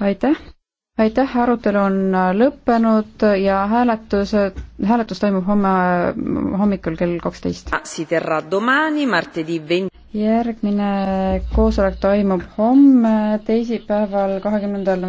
aitäh! aitäh, arutelu on äh, lõppenud ja hääletus, äh, hääletus toimub homme äh, hommikul kell kaksteist. Ah, järgmine koosolek toimub homme, teisipäeval, kahekümnendal